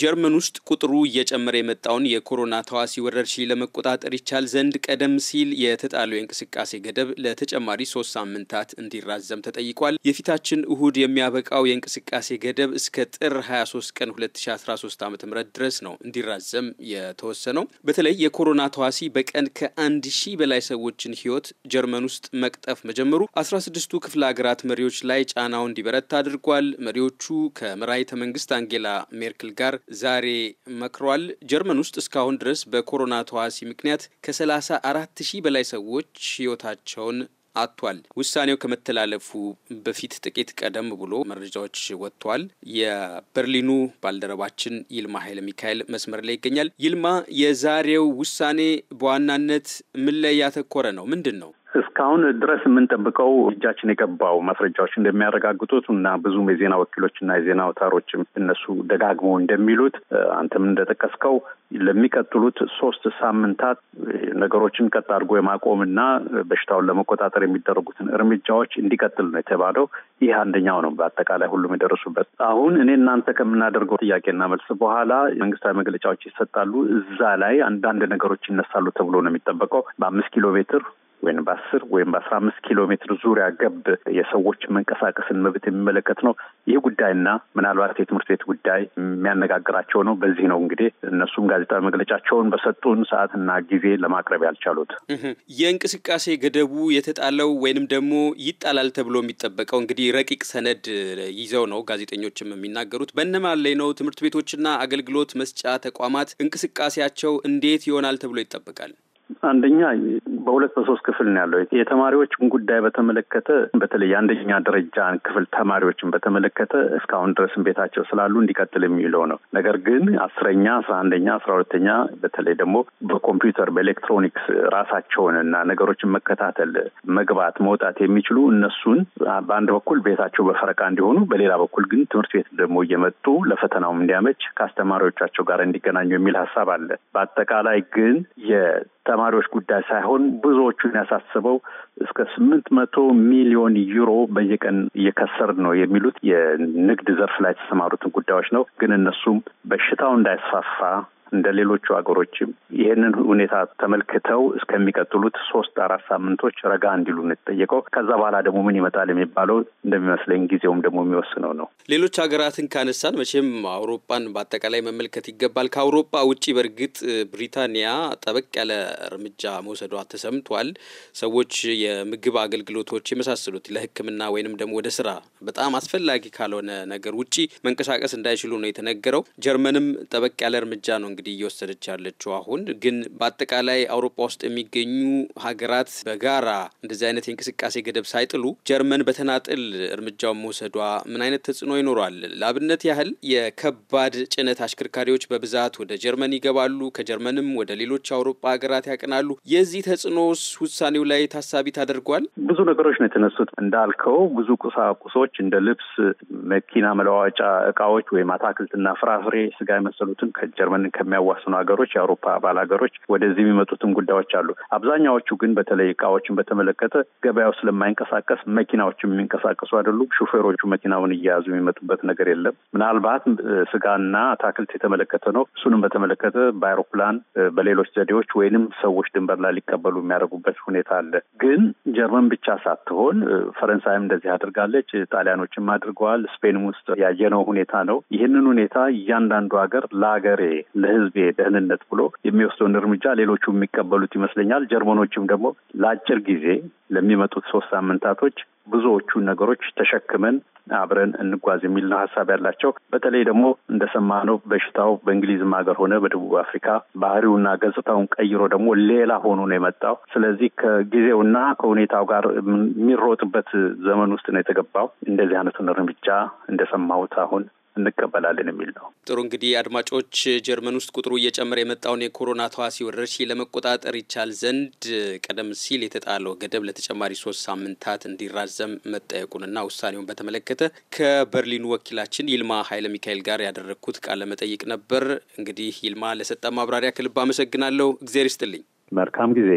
ጀርመን ውስጥ ቁጥሩ እየጨመረ የመጣውን የኮሮና ተዋሲ ወረርሽኝ ለመቆጣጠር ይቻል ዘንድ ቀደም ሲል የተጣለው የእንቅስቃሴ ገደብ ለተጨማሪ ሶስት ሳምንታት እንዲራዘም ተጠይቋል። የፊታችን እሁድ የሚያበቃው የእንቅስቃሴ ገደብ እስከ ጥር 23 ቀን 2013 ዓ ም ድረስ ነው እንዲራዘም የተወሰነው። በተለይ የኮሮና ተዋሲ በቀን ከአንድ ሺህ በላይ ሰዎችን ሕይወት ጀርመን ውስጥ መቅጠፍ መጀመሩ 16ቱ ክፍለ ሀገራት መሪዎች ላይ ጫናው እንዲበረታ አድርጓል። መሪዎቹ ከመራሒተ መንግስት አንጌላ ሜርክል ጋር ዛሬ መክሯል። ጀርመን ውስጥ እስካሁን ድረስ በኮሮና ተዋሲ ምክንያት ከ34 ሺህ በላይ ሰዎች ህይወታቸውን አጥቷል። ውሳኔው ከመተላለፉ በፊት ጥቂት ቀደም ብሎ መረጃዎች ወጥቷል። የበርሊኑ ባልደረባችን ይልማ ኃይለ ሚካኤል መስመር ላይ ይገኛል። ይልማ፣ የዛሬው ውሳኔ በዋናነት ምን ላይ ያተኮረ ነው? ምንድን ነው? እስካሁን ድረስ የምንጠብቀው እጃችን የገባው ማስረጃዎች እንደሚያረጋግጡት እና ብዙም የዜና ወኪሎችና የዜና አውታሮችም እነሱ ደጋግመው እንደሚሉት አንተም እንደጠቀስከው ለሚቀጥሉት ሶስት ሳምንታት ነገሮችን ቀጥ አድርጎ እና በሽታውን ለመቆጣጠር የሚደረጉትን እርምጃዎች እንዲቀጥል ነው የተባለው። ይህ አንደኛው ነው። በአጠቃላይ ሁሉም የደረሱበት። አሁን እኔ እናንተ ከምናደርገው ጥያቄና መልስ በኋላ መንግስታዊ መግለጫዎች ይሰጣሉ። እዛ ላይ አንዳንድ ነገሮች ይነሳሉ ተብሎ ነው የሚጠበቀው። በአምስት ኪሎ ሜትር ወይም በአስር ወይም በአስራ አምስት ኪሎ ሜትር ዙሪያ ገብ የሰዎች መንቀሳቀስን መብት የሚመለከት ነው። ይህ ጉዳይና ምናልባት የትምህርት ቤት ጉዳይ የሚያነጋግራቸው ነው። በዚህ ነው እንግዲህ እነሱም ጋዜጣዊ መግለጫቸውን በሰጡን ሰዓትና ጊዜ ለማቅረብ ያልቻሉት። የእንቅስቃሴ ገደቡ የተጣለው ወይንም ደግሞ ይጣላል ተብሎ የሚጠበቀው እንግዲህ ረቂቅ ሰነድ ይዘው ነው ጋዜጠኞችም የሚናገሩት። በእነማን ላይ ነው ትምህርት ቤቶችና አገልግሎት መስጫ ተቋማት እንቅስቃሴያቸው እንዴት ይሆናል ተብሎ ይጠበቃል? አንደኛ በሁለት በሶስት ክፍል ነው ያለው። የተማሪዎችን ጉዳይ በተመለከተ በተለይ አንደኛ ደረጃ ክፍል ተማሪዎችን በተመለከተ እስካሁን ድረስ ቤታቸው ስላሉ እንዲቀጥል የሚለው ነው። ነገር ግን አስረኛ፣ አስራ አንደኛ፣ አስራ ሁለተኛ በተለይ ደግሞ በኮምፒውተር በኤሌክትሮኒክስ ራሳቸውን እና ነገሮችን መከታተል መግባት መውጣት የሚችሉ እነሱን በአንድ በኩል ቤታቸው በፈረቃ እንዲሆኑ፣ በሌላ በኩል ግን ትምህርት ቤት ደግሞ እየመጡ ለፈተናውም እንዲያመች ከአስተማሪዎቻቸው ጋር እንዲገናኙ የሚል ሀሳብ አለ። በአጠቃላይ ግን ተማሪዎች ጉዳይ ሳይሆን ብዙዎቹን ያሳስበው እስከ ስምንት መቶ ሚሊዮን ዩሮ በየቀን እየከሰር ነው የሚሉት የንግድ ዘርፍ ላይ የተሰማሩትን ጉዳዮች ነው። ግን እነሱም በሽታው እንዳይስፋፋ እንደ ሌሎቹ ሀገሮችም ይህንን ሁኔታ ተመልክተው እስከሚቀጥሉት ሶስት አራት ሳምንቶች ረጋ እንዲሉ የተጠየቀው። ከዛ በኋላ ደግሞ ምን ይመጣል የሚባለው እንደሚመስለኝ ጊዜውም ደግሞ የሚወስነው ነው። ሌሎች ሀገራትን ካነሳን መቼም አውሮፓን በአጠቃላይ መመልከት ይገባል። ከአውሮፓ ውጭ በእርግጥ ብሪታንያ ጠበቅ ያለ እርምጃ መውሰዷ ተሰምቷል። ሰዎች የምግብ አገልግሎቶች የመሳሰሉት ለሕክምና ወይንም ደግሞ ወደ ስራ በጣም አስፈላጊ ካልሆነ ነገር ውጭ መንቀሳቀስ እንዳይችሉ ነው የተነገረው። ጀርመንም ጠበቅ ያለ እርምጃ ነው እንግዲህ እየወሰደች ያለችው አሁን። ግን በአጠቃላይ አውሮፓ ውስጥ የሚገኙ ሀገራት በጋራ እንደዚህ አይነት የእንቅስቃሴ ገደብ ሳይጥሉ ጀርመን በተናጥል እርምጃውን መውሰዷ ምን አይነት ተጽዕኖ ይኖሯል? ለአብነት ያህል የከባድ ጭነት አሽከርካሪዎች በብዛት ወደ ጀርመን ይገባሉ፣ ከጀርመንም ወደ ሌሎች የአውሮፓ ሀገራት ያቀናሉ። የዚህ ተጽዕኖስ ውሳኔው ላይ ታሳቢ ታደርጓል? ብዙ ነገሮች ነው የተነሱት። እንዳልከው ብዙ ቁሳቁሶች እንደ ልብስ፣ መኪና መለዋወጫ እቃዎች ወይም አታክልትና ፍራፍሬ፣ ስጋ የመሰሉትን ከጀርመን ከሚያዋስኑ ሀገሮች የአውሮፓ አባል ሀገሮች ወደዚህ የሚመጡትም ጉዳዮች አሉ። አብዛኛዎቹ ግን በተለይ እቃዎችን በተመለከተ ገበያው ስለማይንቀሳቀስ መኪናዎችም የሚንቀሳቀሱ አይደሉም። ሹፌሮቹ መኪናውን እየያዙ የሚመጡበት ነገር የለም። ምናልባት ስጋና አታክልት የተመለከተ ነው። እሱንም በተመለከተ በአይሮፕላን በሌሎች ዘዴዎች ወይንም ሰዎች ድንበር ላይ ሊቀበሉ የሚያደርጉበት ሁኔታ አለ። ግን ጀርመን ብቻ ሳትሆን ፈረንሳይም እንደዚህ አድርጋለች፣ ጣሊያኖችም አድርገዋል። ስፔንም ውስጥ ያየነው ሁኔታ ነው። ይህንን ሁኔታ እያንዳንዱ ሀገር ለሀገሬ ለህዝብ ደህንነት ብሎ የሚወስደውን እርምጃ ሌሎቹ የሚቀበሉት ይመስለኛል። ጀርመኖችም ደግሞ ለአጭር ጊዜ ለሚመጡት ሶስት ሳምንታቶች ብዙዎቹን ነገሮች ተሸክመን አብረን እንጓዝ የሚል ነው ሀሳብ ያላቸው። በተለይ ደግሞ እንደሰማነው በሽታው በእንግሊዝም ሀገር ሆነ በደቡብ አፍሪካ ባህሪውና ገጽታውን ቀይሮ ደግሞ ሌላ ሆኖ ነው የመጣው። ስለዚህ ከጊዜውና ከሁኔታው ጋር የሚሮጥበት ዘመን ውስጥ ነው የተገባው። እንደዚህ አይነቱን እርምጃ እንደሰማሁት አሁን እንቀበላለን የሚል ነው። ጥሩ እንግዲህ አድማጮች፣ ጀርመን ውስጥ ቁጥሩ እየጨመረ የመጣውን የኮሮና ተዋሲ ወረርሽኝ ለመቆጣጠር ይቻል ዘንድ ቀደም ሲል የተጣለው ገደብ ለተጨማሪ ሶስት ሳምንታት እንዲራዘም መጠየቁንና ውሳኔውን በተመለከተ ከበርሊኑ ወኪላችን ይልማ ኃይለ ሚካኤል ጋር ያደረግኩት ቃለ መጠይቅ ነበር። እንግዲህ ይልማ ለሰጠ ማብራሪያ ከልብ አመሰግናለሁ። እግዜር ይስጥልኝ። መልካም ጊዜ።